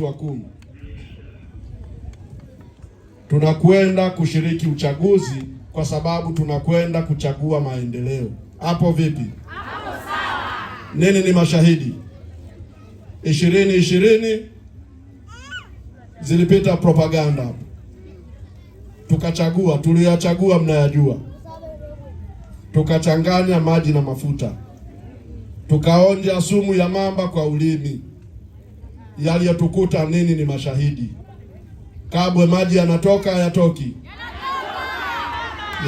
wa kumi tunakwenda kushiriki uchaguzi kwa sababu tunakwenda kuchagua maendeleo. Hapo vipi? Hapo sawa. Nini ni mashahidi? ishirini ishirini zilipita propaganda hapo, tukachagua, tuliyachagua mnayajua, tukachanganya maji na mafuta, tukaonja sumu ya mamba kwa ulimi yaliyotukuta nini ni mashahidi. Kabwe maji yanatoka yatoki,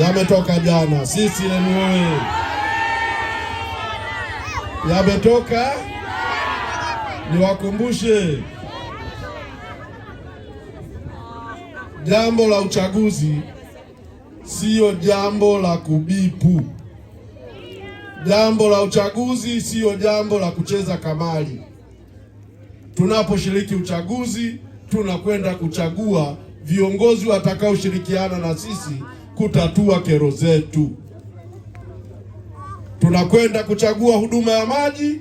yametoka jana. Sisi hoye, yametoka. Niwakumbushe jambo la uchaguzi siyo jambo la kubipu. Jambo la uchaguzi siyo jambo la kucheza kamari tunaposhiriki uchaguzi tunakwenda kuchagua viongozi watakaoshirikiana na sisi kutatua kero zetu. Tunakwenda kuchagua huduma ya maji,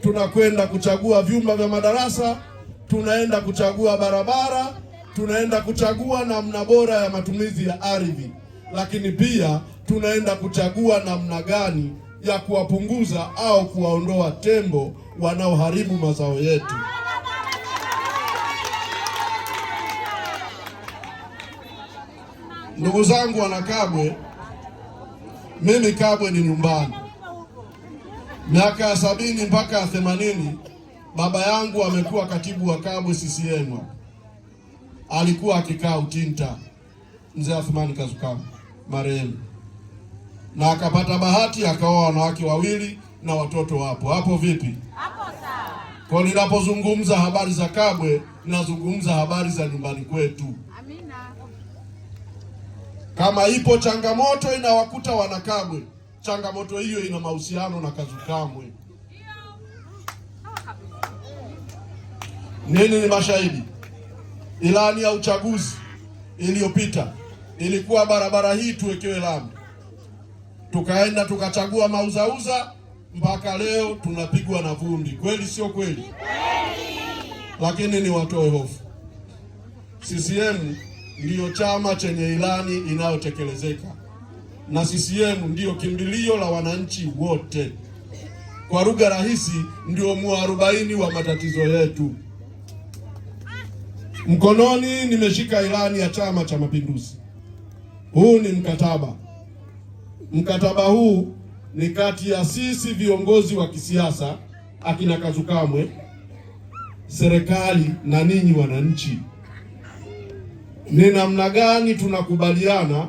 tunakwenda kuchagua vyumba vya madarasa, tunaenda kuchagua barabara, tunaenda kuchagua namna bora ya matumizi ya ardhi, lakini pia tunaenda kuchagua namna gani ya kuwapunguza au kuwaondoa tembo wanaoharibu mazao yetu. Ndugu zangu wana Kabwe, mimi Kabwe ni nyumbani. Miaka ya sabini mpaka ya themanini baba yangu amekuwa katibu wa Kabwe CCM, alikuwa akikaa Utinta, mzee Athumani Kazukama marehemu, na akapata bahati akaoa wanawake wawili na watoto wapo hapo. Vipi hapo? Sawa. Kwa ninapozungumza habari za Kabwe, nazungumza habari za nyumbani kwetu. Kama ipo changamoto inawakuta wanakamwe, changamoto hiyo ina mahusiano na KAZUKAMWE. Nini ni mashahidi, ilani ya uchaguzi iliyopita ilikuwa barabara hii tuwekewe lami, tukaenda tukachagua mauzauza, mpaka leo tunapigwa na vumbi. Kweli sio kweli? Lakini ni watoe hofu CCM ndiyo chama chenye ilani inayotekelezeka, na CCM ndiyo kimbilio la wananchi wote. Kwa lugha rahisi, ndio mwarobaini wa matatizo yetu. Mkononi nimeshika ilani ya Chama cha Mapinduzi. Huu ni mkataba. Mkataba huu ni kati ya sisi viongozi wa kisiasa akina Kazukamwe, serikali na ninyi wananchi ni namna gani tunakubaliana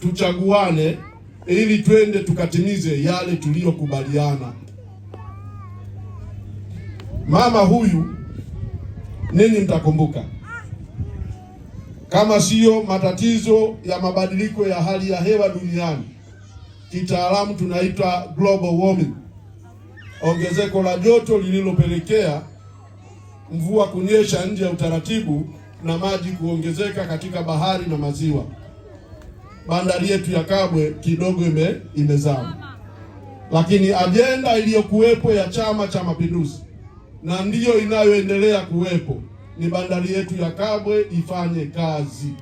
tuchaguane ili twende tukatimize yale tuliyokubaliana. Mama huyu nini mtakumbuka kama siyo matatizo ya mabadiliko ya hali ya hewa duniani, kitaalamu tunaita global warming, ongezeko la joto lililopelekea mvua kunyesha nje ya utaratibu na maji kuongezeka katika bahari na maziwa. Bandari yetu ya Kabwe kidogo ime, imezama, lakini ajenda iliyokuwepo ya Chama cha Mapinduzi na ndiyo inayoendelea kuwepo ni bandari yetu ya Kabwe ifanye kazi.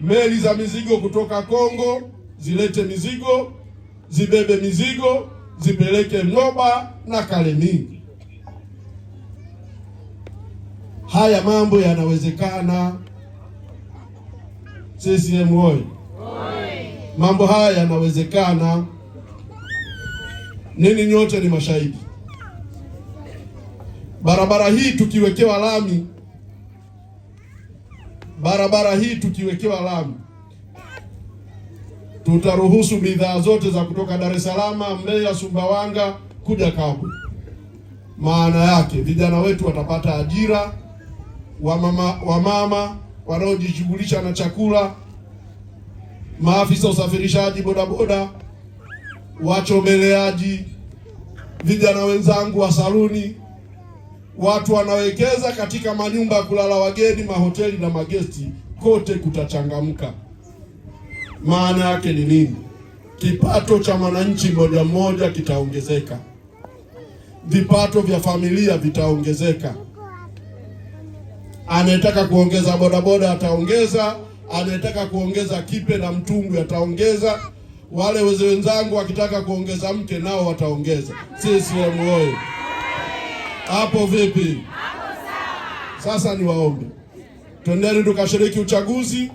Meli za mizigo kutoka Kongo zilete mizigo, zibebe mizigo, zipeleke Moba na Kalemi. haya mambo yanawezekana. CCM oyee! Mambo haya yanawezekana, nini nyote ni mashahidi. Barabara hii tukiwekewa lami, barabara hii tukiwekewa lami, tutaruhusu bidhaa zote za kutoka Dar es Salaam, Mbeya, Sumbawanga kuja Kabu. Maana yake vijana wetu watapata ajira wamama, wamama wanaojishughulisha na chakula, maafisa usafirishaji bodaboda, wachomeleaji, vijana wenzangu wa saluni, watu wanawekeza katika manyumba ya kulala wageni, mahoteli na magesti, kote kutachangamka. Maana yake ni nini? Kipato cha mwananchi mmoja mmoja kitaongezeka, vipato vya familia vitaongezeka anayetaka kuongeza bodaboda ataongeza, anayetaka kuongeza kipe na mtungwi ataongeza, wale wenzangu wakitaka kuongeza mke nao wataongeza. CCM oyee! Hapo vipi? Sasa ni waombe, twendeni tukashiriki uchaguzi,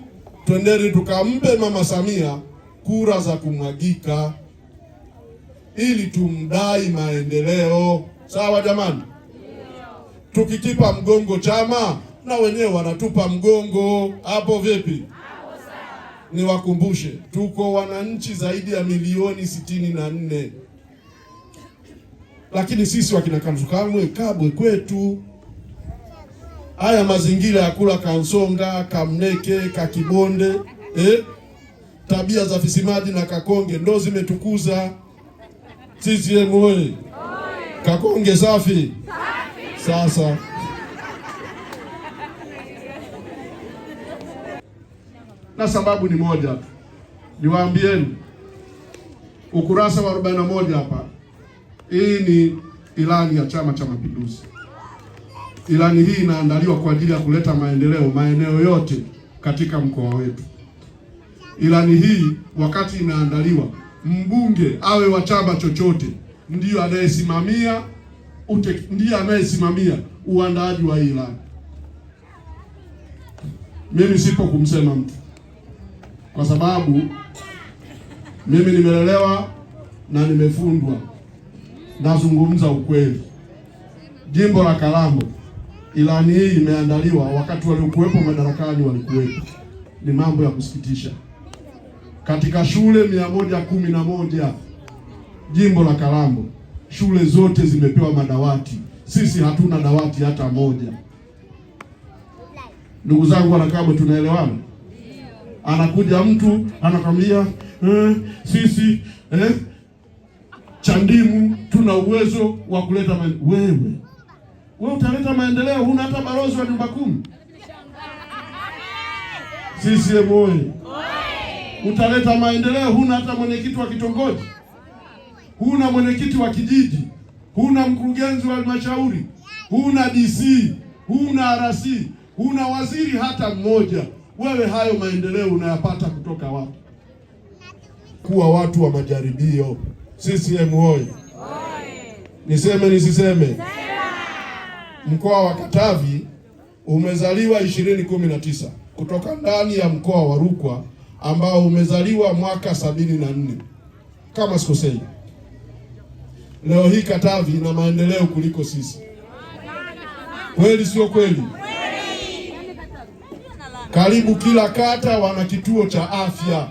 twendeni tukampe Mama Samia kura za kumwagika ili tumdai maendeleo. Sawa jamani, tukikipa mgongo chama na wenyewe wanatupa mgongo hapo. Vipi? Niwakumbushe, tuko wananchi zaidi ya milioni sitini na nne, lakini sisi wakina Kamsukamwe Kabwe kwetu haya mazingira ya kula kansonga kamneke kakibonde eh, tabia za fisimaji na kakonge ndo zimetukuza CCM. Oye, kakonge safi, safi. Sasa na sababu ni moja tu, niwaambieni, ukurasa wa 41 hapa, hii ni ilani ya Chama cha Mapinduzi. Ilani hii inaandaliwa kwa ajili ya kuleta maendeleo maeneo yote katika mkoa wetu. Ilani hii wakati inaandaliwa, mbunge awe wa chama chochote ndiyo anayesimamia ndio anayesimamia uandaaji wa ilani. Mimi sipo kumsema mtu kwa sababu mimi nimelelewa na nimefundwa, nazungumza ukweli. Jimbo la Kalambo, ilani hii imeandaliwa wakati waliokuwepo madarakani walikuwepo, ni mambo ya kusikitisha. Katika shule mia moja kumi na moja jimbo la Kalambo, shule zote zimepewa madawati, sisi hatuna dawati hata moja. Ndugu zangu wanakabwe tunaelewana? anakuja mtu anakwambia eh, sisi eh, Chandimu tuna uwezo wa kuleta Wewe wewe utaleta maendeleo, huna hata balozi wa nyumba kumi. Sisi eh, oye, utaleta maendeleo, huna hata mwenyekiti wa kitongoji, huna mwenyekiti wa kijiji, huna mkurugenzi wa halmashauri, huna DC, huna RC, huna waziri hata mmoja wewe hayo maendeleo unayapata kutoka wapi? Kuwa watu wa majaribio. CCM oyee! Niseme nisiseme? Mkoa wa Katavi umezaliwa ishirini kumi na tisa kutoka ndani ya mkoa wa Rukwa ambao umezaliwa mwaka sabini na nne kama sikosei. Leo hii Katavi ina maendeleo kuliko sisi, kweli sio kweli? Karibu kila kata wana kituo cha afya.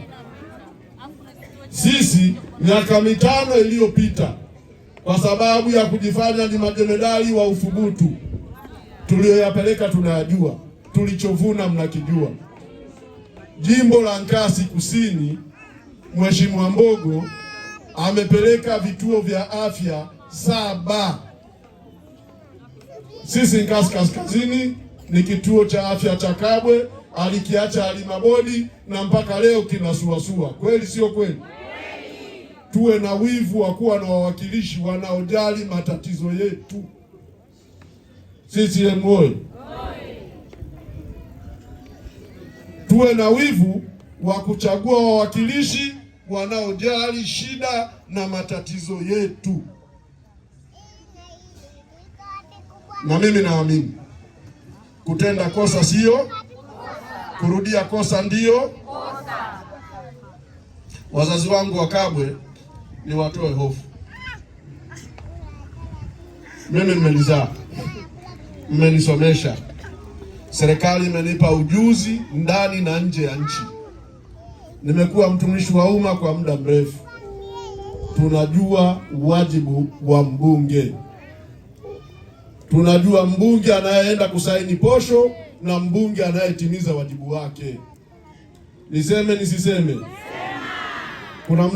Sisi miaka mitano iliyopita, kwa sababu ya kujifanya ni majemadari wa uthubutu, tuliyoyapeleka tunayajua, tulichovuna mnakijua. Jimbo la Nkasi Kusini, Mheshimiwa Mbogo amepeleka vituo vya afya saba. Sisi Nkasi Kaskazini ni kituo cha afya cha Kabwe alikiacha alimabodi bodi na mpaka leo kinasuasua. Kweli sio kweli? Tuwe na wivu wa kuwa na wawakilishi wanaojali matatizo yetu. CCM oyee! Tuwe na wivu wa kuchagua wawakilishi wanaojali shida na matatizo yetu. Na mimi naamini kutenda kosa sio Kurudia kosa ndio kosa. Wazazi wangu wa Kabwe ni watoe hofu. Mimi mmenizaa, mmenisomesha, serikali imenipa ujuzi ndani na nje ya nchi. Nimekuwa mtumishi wa umma kwa muda mrefu. Tunajua wajibu wa mbunge, tunajua mbunge anayeenda kusaini posho na mbunge anayetimiza wajibu wake. Niseme nisiseme? Kuna mradi